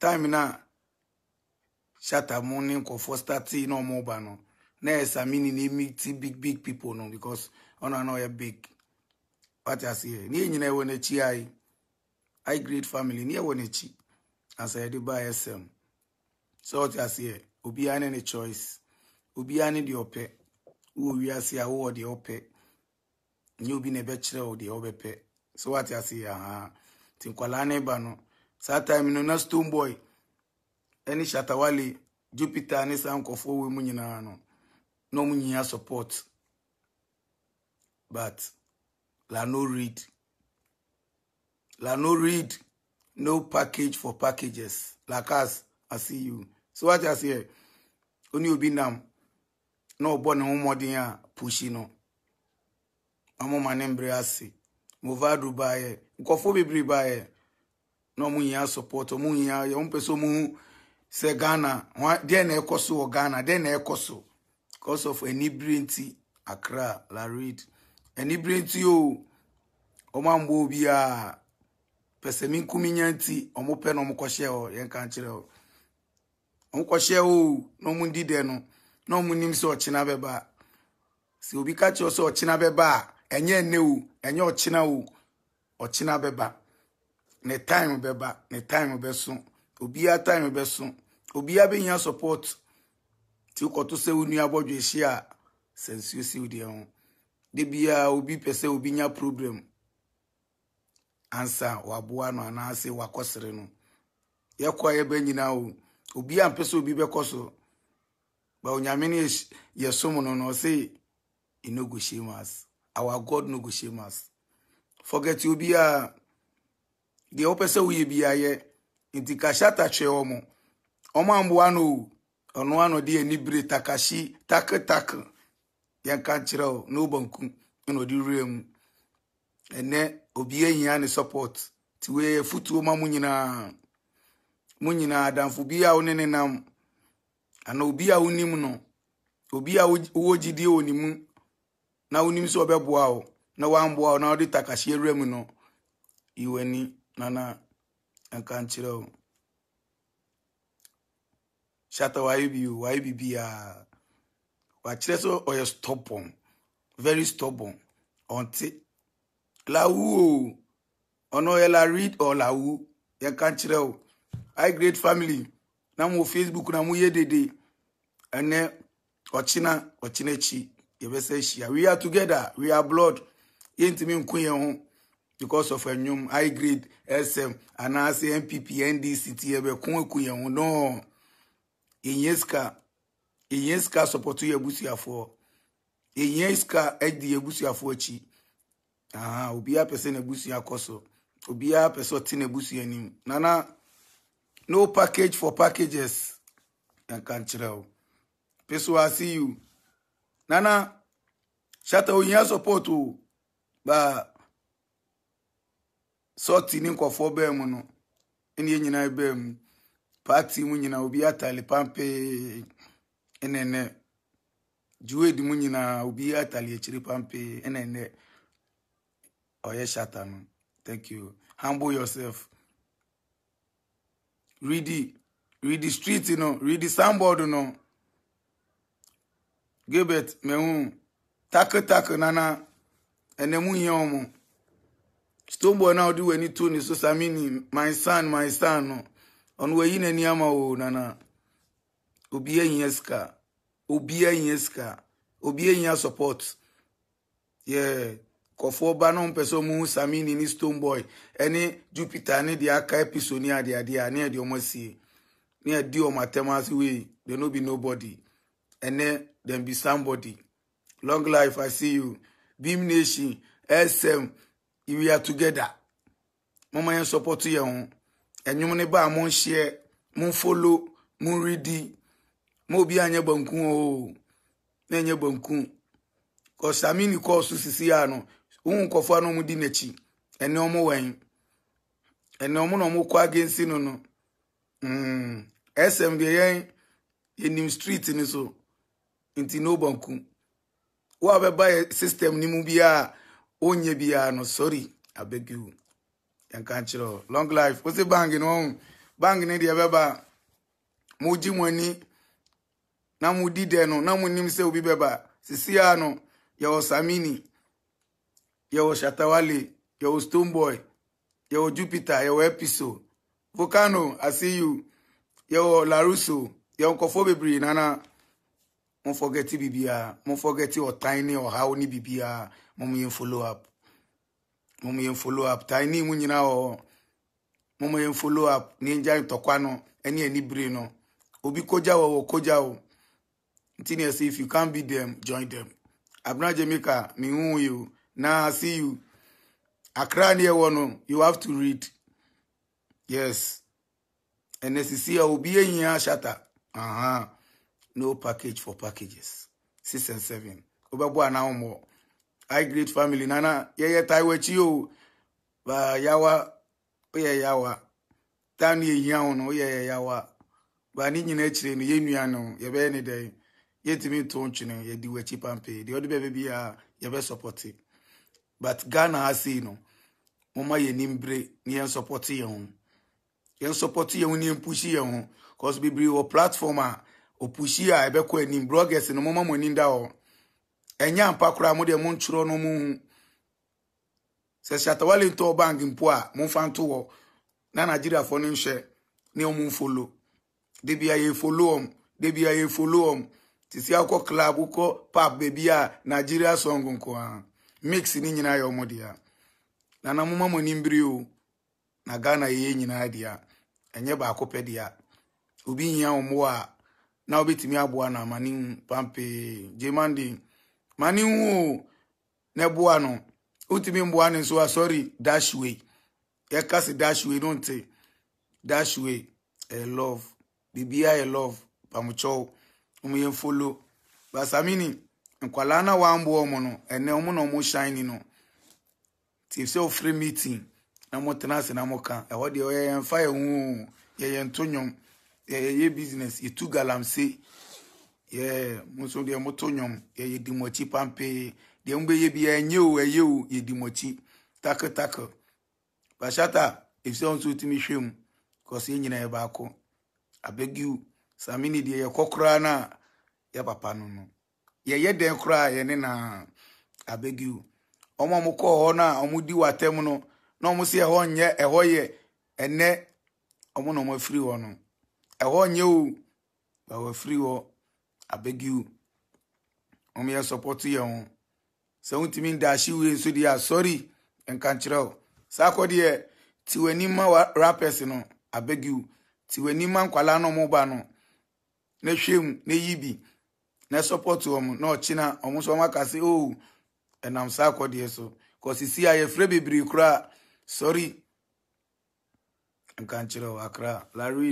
time na shatter morning ko fostati no mo ba no na examine ni meet big big people no because ona no ya big what I say ni nyina e wona chi ai i great family ni e wona chi as i dey buy sm so what I say obi ane ne choice obi ane de ope wo wiase a wo de ope ni obi ne be kire wo de obepe so what I say aha tinkwala ne ba no saa time no na stone boy ɛne shatawale jupiter ne saa nkɔfoɔ wɔ mu nyinaa no na ɔmo nyinaa support but la no read la no read no package for packages Like as i see you so what i say oni obi nam na ɔbɔ ne ho mmɔden a pushi no ɔmo ma ne mbrɛ ase mova dubaayɛ nkɔfoɔ bebree baayɛ na ɔmo nyinaa support ɔmo nyinaa yɛ ɔmo pɛ sɛ ɔmo hu sɛ ghana deɛ na ɛkɔ so wɔ ghana deɛ na ɛkɔ so of anibire nti accra larid anibire nti o ɔmo ambɔ obiara pɛsɛmi nkumi nya nti ɔmo pɛ na ɔmo kɔhyɛ hɔ yɛn ka nkyerɛ hɔ ɔmo kɔhyɛ hɔ na ɔmo di dɛ no na ɔmo nim sɛ ɔkyena bɛba sɛ obi ka kyerɛ sɛ ɔkyena bɛba a ɛnyɛ ɛnɛ o ɛnyɛ ɔkyena o ɔkyena bɛba ne time bɛba ne time bɛso obiara time bɛso obiara bɛnya support ti wokɔto to wo nua abɔdwe ahyi a sɛ nsuo si wo deɛ ho de biara obi pɛ sɛ obi nya problem ansa waboa no anaasɛ wakɔsere no yɛkɔ a yɛbɛ nyinaa o obiara mpɛ sɛ obi be so ba onyame no yɛsom no no ɔse e no go shame us our god no go shame us forget obiara deɛ wopɛ sɛ woyɛ biaa yɛ nti kahyɛ atakyerɛ wɔ mo ɔma mboa no o ɔno ano de tak bere takahyi taketake yɛnka nkyerɛ o na wobanku na ɔde wura mu ɛnɛ obia hia ne support nti woyɛ futuo ma mo nyinaa mo nyinaa adamfo bi a wo ne ne nam ana obi a wonim no obi a wowɔ gyidie wɔ ne mu na wonim sɛ ɔbɛboa wo na woamboa wo na wode takahyi awura mu no yiw'ani nana nkankyerɛ wo shata wayɛ bio ah. wayɛ biribiaa wakyerɛ sɛ ɔyɛ stubborn very stubborn ɔnte lawu o ɔno ɔyɛ la read or lawu yɛnka nkyerɛ wo high grade family na mo facebook na mo yɛ dede ɛnɛ ɔkyena ɔkyena akyi yɛbɛsɛ ahyia we are together we are blood yɛntumi nko yɛn ho because of a new high grade sm and anaasɛ MPP, ndc ti yɛbɛko aku yɛn ho no ɛnyɛ sika ɛnyɛ for, sɔpɔto yɛ abusuafoɔ ɛnyɛ for di Ah, akyi aha person pɛ sɛ n'abusua kɔ so obiara pɛ sɛ ɔte n'abusua anim nana no package for packages yɛnka nkyerɛ o I see you nana shata your support o baa sɔɔte ne nkɔfoɔ bɛɛ mu no ɛne yɛn nyinaa mu paati mu nyinaa obi atale pampee ɛnɛnɛ juwedi mu nyinaa obi atale akyire pampee ɛnɛnɛ ɔyɛ shata no thank you humble yourself read read street no read signboard no gilbert mehu taketake nana ɛnɛ mu hiɛ wɔn mo. Stoneboy now do any tune is so samini my son my son no on we in any ama o nana obi eyin ska obi eyin ska obi eyin support yeah kofo ba no mpeso mu samini ni Stoneboy any Jupiter ni dia ka episode ni ade ade ani ade omosi, sie ni ade omo we there no be nobody and then them be somebody long life i see you beam nation sm we are together Mama máa support yẹ wọn ẹ̀yin mo ní bá mo ń share mo ń follow mo ń read mo bí àyẹ̀ bọ̀nkún o ní àyẹ̀ bọ̀nkún ọ̀sàmì ní kọ́ọ̀sù sisi yà no òun nkọ̀fọ́ àná ọmọdé n'akyi ẹni ọmọ wẹ̀yìn ẹni ọmọ náà ọmọ kọ́ agẹ́nsì no no ẹsẹ̀m deɛ yɛn yɛnim street ni so nti n'obɔnku wo a bɛba yɛ system ni mu biara onye biara no sorry abeg you yɛnka kyerɛ long life wo se bank no ɔhu bank no deɛ bɛba mogye mo ani na modi dɛ no na monim sɛ obi bɛba sisia no yɛwɔ samini yɛwɔ shatawale yɛwɔ stoneboy yɛwɔ jupiter yɛwɔ episo volcano i see you yɛwɔ laruso yɛwɔ nkɔfoɔ bebree nana forget forget bibiaa mumfɔgɛti ɔtan how ɔhaw ne bibiaa mommyɛ follow up mommyɛ follow up tan ne mu nyinaa wɔ mommyɛ follow up ne ngya ntɔkwa no ne ani bere no obi kogya wɔ wɔ kogya wo nti ne if you can't be them join them abena jamaica mehu you na see you akra ne ɛwɔ no you have to read yes ɛnɛ sisi obi ehia shata aha. Uh -huh no package for packages. Six and seven. Obabu anaomo. High grade family. Nana, yeye taiwe chiyo. Ba yawa, oye yawa. Tani ye yaon, oye yawa. Ba ni nyine chile, ni ye nuyano, yebe ni day. Ye timi ton chine, ye diwe chipampe. Di odi bebe biya, yebe supporti. But Ghana has no. Mama ye nimbre, ni yen supporti yon. hon. Yen supporti yon ni yen pushi ye Cause bibri wo platform opushi a ebeko anim bloggers no moma mo anim da hɔ ɛnya mpa koraa mo deɛ montwerɛ no mo hu sɛ shatawale ntɔ bank mpo a momfa nto hɔ na nigeriafoɔ no nhwɛ ne ɔmo mfolo de bia yɛfolo ɔm de bia yɛfolo ɔm te sɛ akɔ club wokɔ pap baabi a nigeria song nko a mix ne nyinaa yɛ ɔmo dea nana moma mo anim biri o na ghana yɛyɛ nyinaa dea ɛnyɛ baako pɛ dea obi hia ɔmo a na wobɛtumi aboa no amane hu pampee gye mande hu o boa no wotumi mboa no nso a sorry dashway yɛka se dashway no nte dashway a love biribiaa a love pamokyɛw ɔmo follow mfolo basamini nkwalaa na wamboa ɔmo no ɛnɛ ɔmo na ɔmo shine no ti sɛ free meeting na mo tena ase na mo ka ɛhɔ deɛ ɔyɛ yɛn fa yɛn ho yɛ yɛn to yɛyɛ business yɛtu galamse yɛ mo nso deɛ moto nwom yɛyɛ di mɔkyi pampee deɛ mo bi enye o ɛyɛ o yɛdi mɔkyi taketake bashata efisɛ nso tumi hwɛ mu baako abɛgiw samini di yɛkɔ na ya papa no no yɛyɛ dɛn na abɛgiw wɔn a wɔkɔɔ hɔ no a na wɔn si ɛhɔ nyɛ ɛhɔ nyɛ o ba wɔafiri hɔ abɛgi o ɔmyɛ sɔpɔto yɛ ho sɛ wotumi ndaahye wie nso deɛ asɔre nka nkyerɛ wo saa kɔ deɛ te w'ani ma rappers no abɛgi o te w'ani ma nkwalaa no ɔmo ba no na hwɛ mu na yi bi na sɔpɔto ɔmo na ɔkyena ɔmo nso ɔmo aka sɛ o oh, ɛnam saa kɔ deɛ so kɔsisi a yɛfrɛ bebree koraa sɔre nka nkyerɛ wo akra larry